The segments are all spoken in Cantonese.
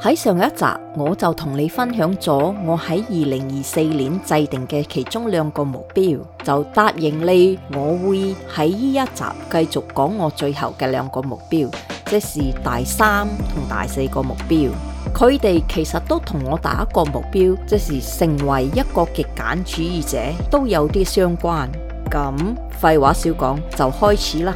喺上一集我就同你分享咗我喺二零二四年制定嘅其中兩個目標，就答應你我會喺呢一集繼續講我最後嘅兩個目標，即係第三同第四個目標。佢哋其實都同我第一個目標，即是成為一個極簡主義者，都有啲相關。咁廢話少講，就開始啦。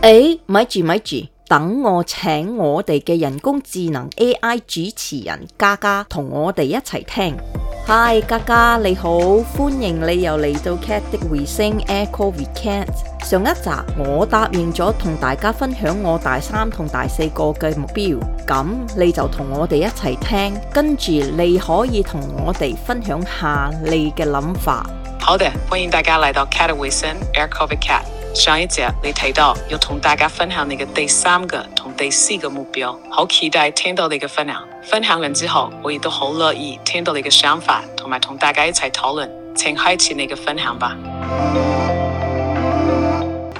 誒，咪住咪住。等我請我哋嘅人工智能 AI 主持人嘉嘉同我哋一齊聽。Hi，嘉嘉你好，歡迎你又嚟到 Kat 的回聲 Echoes with Kat。上一集我答應咗同大家分享我大三同大四個嘅目標，咁你就同我哋一齊聽，跟住你可以同我哋分享下你嘅諗法。好的，歡迎大家嚟到 Kat 的回聲 Echoes with Kat。上一集你提到要同大家分享你嘅第三個同第四個目標，好期待聽到你嘅分享。分享完之後，我亦都好樂意聽到你嘅想法，同埋同大家一齊討論。請開始你嘅分享吧。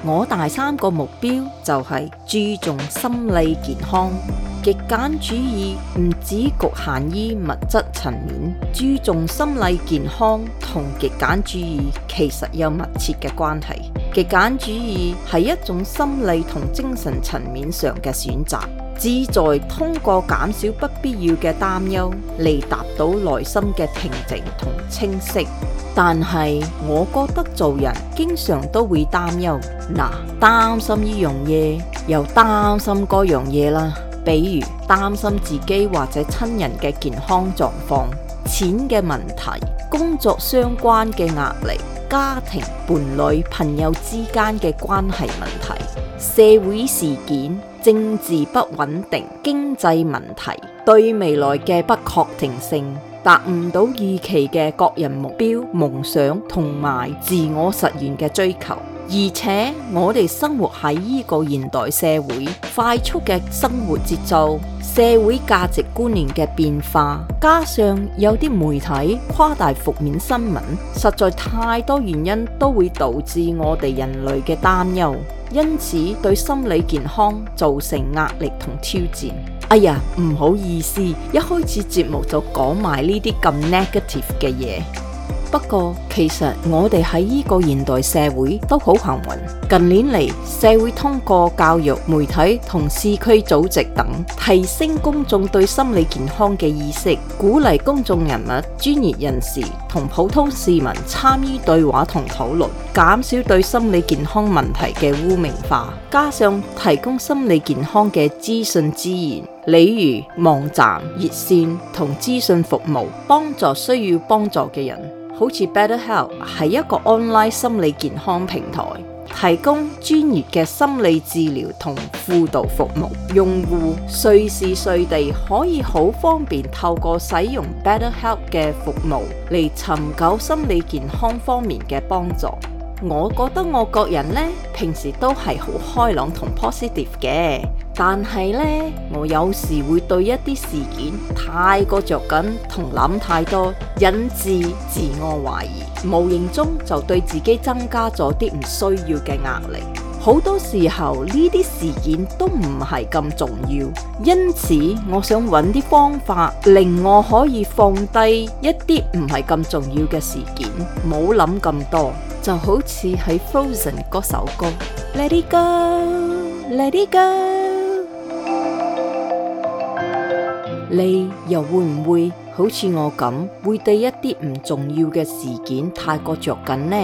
我第三個目標就係注重心理健康。極簡主義唔止局限於物質層面，注重心理健康同極簡主義其實有密切嘅關係。極簡主義係一種心理同精神層面上嘅選擇，旨在通過減少不必要嘅擔憂嚟達到內心嘅平靜同清晰。但係我覺得做人經常都會擔憂，嗱，擔心呢樣嘢又擔心嗰樣嘢啦，比如擔心自己或者親人嘅健康狀況、錢嘅問題、工作相關嘅壓力。家庭、伴侶、朋友之間嘅關係問題、社會事件、政治不穩定、經濟問題、對未來嘅不確定性、達唔到預期嘅個人目標、夢想同埋自我實現嘅追求。而且我哋生活喺呢個現代社會，快速嘅生活節奏、社會價值觀念嘅變化，加上有啲媒體誇大負面新聞，實在太多原因都會導致我哋人類嘅擔憂，因此對心理健康造成壓力同挑戰。哎呀，唔好意思，一開始節目就講埋呢啲咁 negative 嘅嘢。不過，其實我哋喺呢個現代社會都好幸運。近年嚟，社會通過教育、媒體同社區組織等，提升公眾對心理健康嘅意識，鼓勵公眾人物、專業人士同普通市民參與對話同討論，減少對心理健康問題嘅污名化，加上提供心理健康嘅資訊資源，例如網站、熱線同資訊服務，幫助需要幫助嘅人。好似 BetterHelp 係一個 online 心理健康平台，提供專業嘅心理治療同輔導服務。用戶隨時隨地可以好方便透過使用 BetterHelp 嘅服務嚟尋求心理健康方面嘅幫助。我覺得我個人呢，平時都係好開朗同 positive 嘅。但係呢，我有時會對一啲事件太過着緊同諗太多，引致自我懷疑，無形中就對自己增加咗啲唔需要嘅壓力。好多時候呢啲事件都唔係咁重要，因此我想揾啲方法令我可以放低一啲唔係咁重要嘅事件，冇諗咁多，就好似喺 Frozen 嗰首歌 Let it go，Let it go。你又會唔會好似我咁，會對一啲唔重要嘅事件太過着緊呢？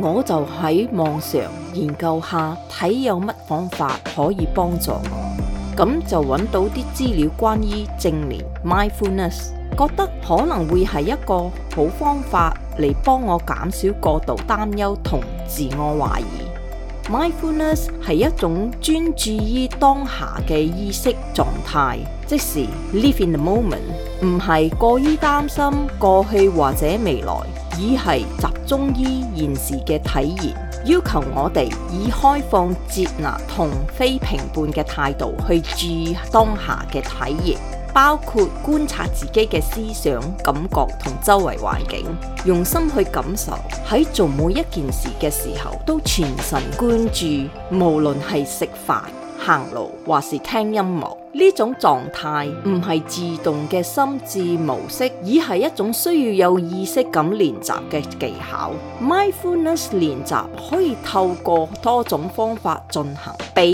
我就喺網上研究下，睇有乜方法可以幫助我。咁就搵到啲資料關於正念 （mindfulness），覺得可能會係一個好方法嚟幫我減少過度擔憂同自我懷疑。Mindfulness 係一種專注於當下嘅意識狀態。即是 live in the moment，唔係過於擔心過去或者未來，而係集中於現時嘅體驗。要求我哋以開放接納同非評判嘅態度去注意當下嘅體驗，包括觀察自己嘅思想、感覺同周圍環境，用心去感受。喺做每一件事嘅時候，都全神貫注，無論係食飯，行路或是聽音樂，呢種狀態唔係自動嘅心智模式，而係一種需要有意識咁練習嘅技巧。Mindfulness 練習可以透過多種方法進行，比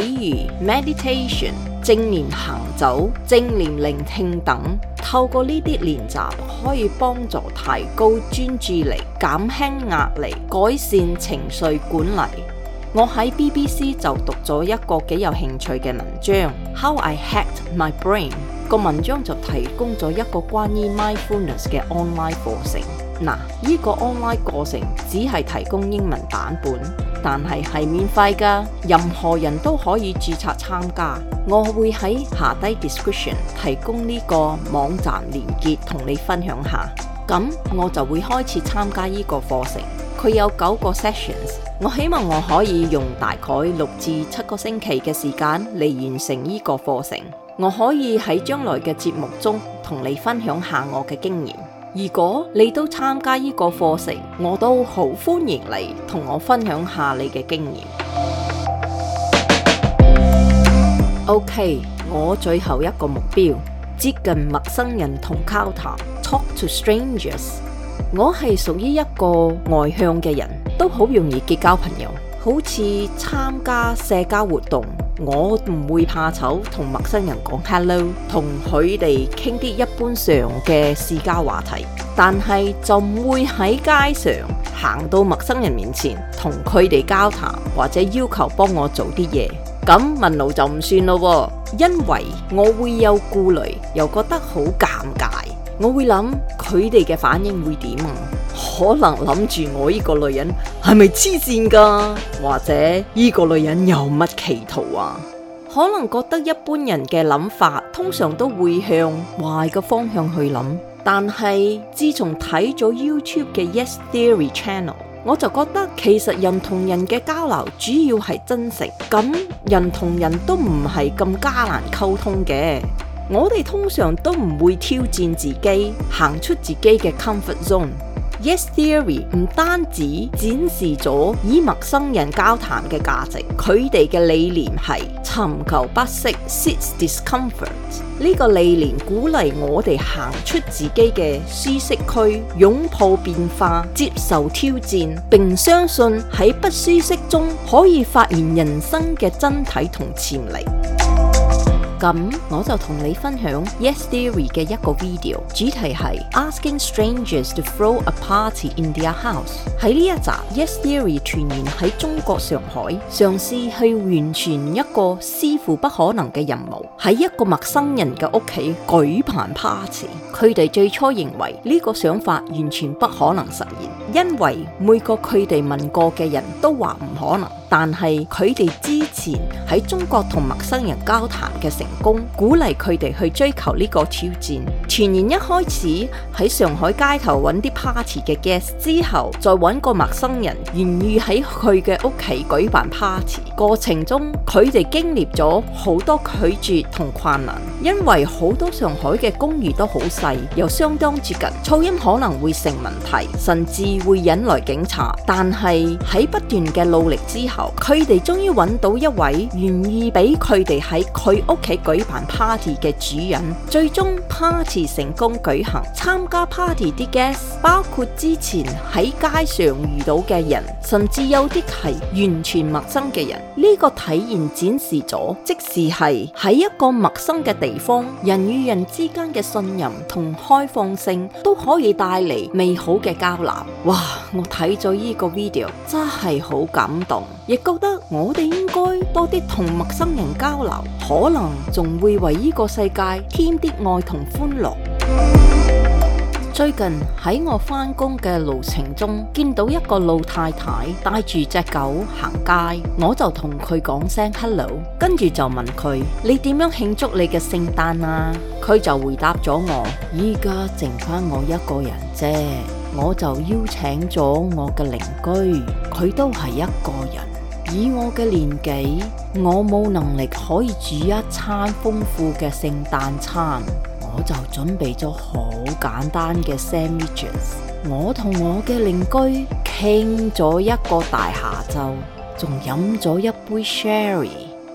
如 meditation、正念行走、正念聆聽等。透過呢啲練習，可以幫助提高專注力、減輕壓力、改善情緒管理。我喺 BBC 就讀咗一個幾有興趣嘅文章，How I Hacked My Brain。個文章就提供咗一個關於 Mindfulness 嘅 online 課程。嗱，呢、這個 online 課程只係提供英文版本，但是是免費的，任何人都可以注冊參加。我會喺下低 description 提供呢個網站鏈接同你分享下。咁我就會開始參加呢個課程。佢有九個 sessions，我希望我可以用大概六至七個星期嘅時間嚟完成呢個課程。我可以喺將來嘅節目中同你分享下我嘅經驗。如果你都參加呢個課程，我都好歡迎你同我分享下你嘅經驗。 OK，我最後一個目標，接近陌生人同交談，talk to strangers。我係屬於一個外向嘅人，都好容易結交朋友。好似參加社交活動，我唔會怕醜，同陌生人講 hello，同佢哋傾啲一般常嘅社交話題。但係就唔會喺街上行到陌生人面前同佢哋交談，或者要求幫我做啲嘢。咁問路就唔算咯，因為我會有顧慮，又覺得好尷尬。我會諗佢哋嘅反應會點啊？可能諗住我呢個女人係咪痴線噶？或者呢個女人有乜企圖啊？可能覺得一般人嘅諗法通常都會向壞嘅方向去諗。但係自從睇咗 YouTube 嘅 Yes Theory Channel，我就覺得其實人同人嘅交流主要係真誠。咁人同人都唔係咁加難溝通嘅。我哋通常都唔會挑戰自己，行出自己嘅 comfort zone。Yes Theory 唔單止展示咗與陌生人交談嘅價值，佢哋嘅理念係尋求不適 （Seek Discomfort）。呢 Dis、這個理念鼓勵我哋行出自己嘅舒適區，擁抱變化，接受挑戰，並相信喺不舒適中可以發現人生嘅真諦同潛力。咁我就同你分享 Yes Theory 嘅一個 video，主題係 Asking strangers to throw a party in their house。喺呢一集 Yes Theory 傳言喺中國上海，嘗試去完成一個似乎不可能嘅任務，喺一個陌生人嘅屋企舉辦 party。佢哋最初認為呢個想法完全不可能實現，因為每個佢哋問過嘅人都話唔可能。但係佢哋之前喺中國同陌生人交談嘅成功，鼓勵佢哋去追求呢個挑戰。前年一開始喺上海街頭揾啲 party 嘅 guest，之後再揾個陌生人願意喺佢嘅屋企舉辦 party。過程中佢哋經歷咗好多拒絕同困難，因為好多上海嘅公寓都好細，又相當接近，噪音可能會成問題，甚至會引來警察。但係喺不斷嘅努力之後，佢哋終於揾到一位願意俾佢哋喺佢屋企舉辦 party 嘅主人，最終 party 成功舉行。參加 party 啲 guest 包括之前喺街上遇到嘅人，甚至有啲係完全陌生嘅人。呢個體驗展示咗，即使係喺一個陌生嘅地方，人與人之間嘅信任同開放性都可以帶嚟美好嘅交流。哇！我睇咗呢個 video 真係好感動。亦覺得我哋應該多啲同陌生人交流，可能仲會為呢個世界添啲愛同歡樂。最近喺我返工嘅路程中，見到一個老太太帶住隻狗行街，我就同佢講聲 hello，跟住就問佢：你點樣慶祝你嘅聖誕啊？佢就回答咗我：依家剩翻我一個人啫，我就邀請咗我嘅鄰居，佢都係一個人。以我嘅年紀，我冇能力可以煮一餐豐富嘅聖誕餐，我就準備咗好簡單嘅 sandwiches。我同我嘅鄰居傾咗一個大下晝，仲飲咗一杯 sherry，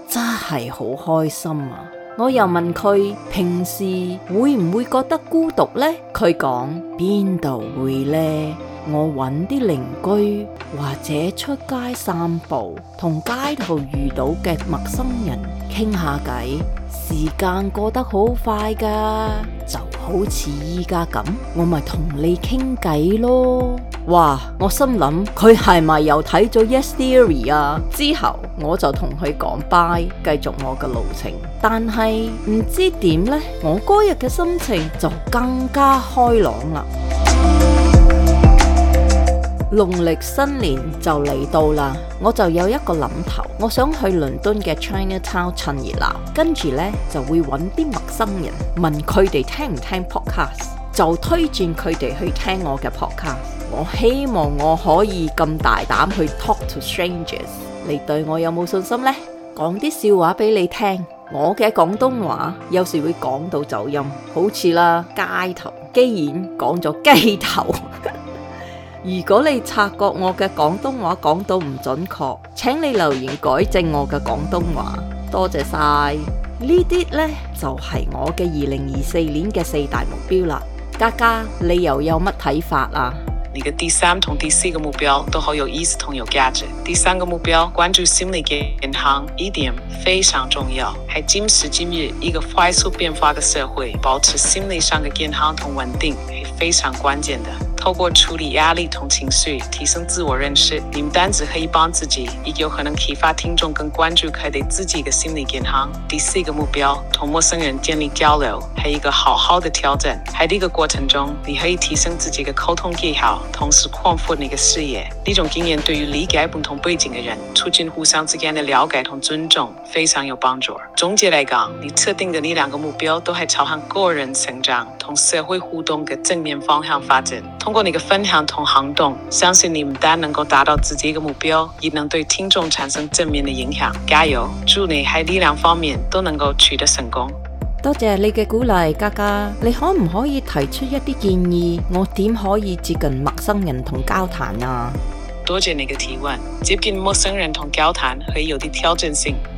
真係好開心啊！我又問佢平時會唔會覺得孤獨呢？佢講邊度會呢？我搵啲鄰居或者出街散步，同街頭遇到嘅陌生人傾下偈。時間過得好快㗎，就好似而家噉我咪同你傾偈咯。哇，我心諗佢係咪又睇咗 Yes Theory 啊？之後我就同佢講拜，繼續我嘅路程。但係唔知點呢，我嗰日嘅心情就更加開朗喇。農曆新年就嚟到啦，我就有一個諗頭，我想去倫敦嘅 China Town 趁熱鬧，跟住呢就會搵啲陌生人問佢哋聽唔聽 podcast，就推薦佢哋去聽我嘅 podcast。我希望我可以咁大膽去 talk to strangers，你對我有冇信心呢？講啲笑話俾你聽，我嘅廣東話有時會講到走音，好似啦街頭，既然講咗雞頭。 如果你察覺我嘅廣東話講到唔準確，請你留言改正我嘅廣東話，多謝晒。這些呢啲呢，就係我嘅二零二四年嘅四大目標啦。嘉嘉，你又有乜睇法啊？你嘅第三同第四個目標都好有意思同有價值。第三個目標，關注心理健康，呢點非常重要。喺今時今日一個快速變化嘅社會，保持心理上嘅健康同穩定係非常關鍵的。透過處理壓力同情緒，提升自我認識，你唔單止可以幫自己，亦有可能啟發聽眾更關注佢對自己的心理健康。第四個目標，同陌生人建立交流，還有一個好好的挑戰。喺呢個過程中，你可以提升自己嘅溝通技巧，同時擴闊你嘅視野。呢種經驗對於理解不同背景嘅人，促進互相之間嘅了解同尊重，非常有幫助。總結來講，你設定嘅呢兩個目標都係朝向個人成長同社會互動嘅正面方向發展。通過你嘅分享同行動，相信你不但能夠達到自己嘅目標，亦能對聽眾產生正面的影響。加油！祝你喺力量方面都能夠取得成功。多謝你嘅鼓勵，嘉嘉，你可唔可以提出一啲建議？我點可以接近陌生人同交談啊？多謝你嘅提問，接近陌生人同交談會有啲挑戰性。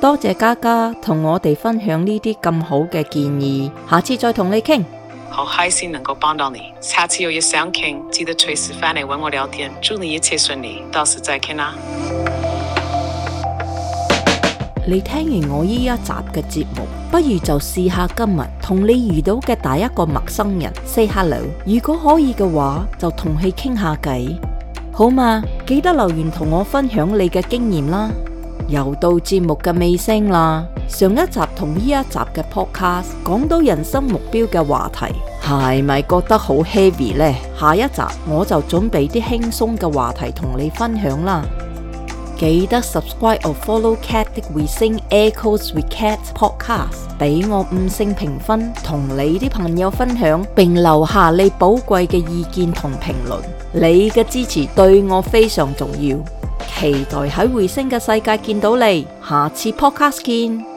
多謝嘉嘉同我哋分享呢啲咁好嘅建議，下次再同你傾。好開心能夠幫到你，下次有嘢想傾，記得隨時翻嚟搵我聊天。祝你一切順利，到時再傾啦。你聽完我呢一集嘅節目，不如就試下今日同你遇到嘅第一個陌生人 say hello，如果可以嘅話，就同佢傾下偈，好嘛？記得留言同我分享你嘅經驗啦。又到節目嘅尾聲啦，上一集同呢一集嘅 podcast 講到人生目標嘅話題，係咪覺得好 heavy 呢？下一集我就準備啲輕鬆嘅話題同你分享啦。記得 subscribe or follow Kat 的迴聲 Echoes with Kat podcast，俾我五星評分，同你啲朋友分享，並留下你寶貴嘅意見同評論。你嘅支持對我非常重要。期待喺迴聲嘅世界見到你，下次 Podcast 見。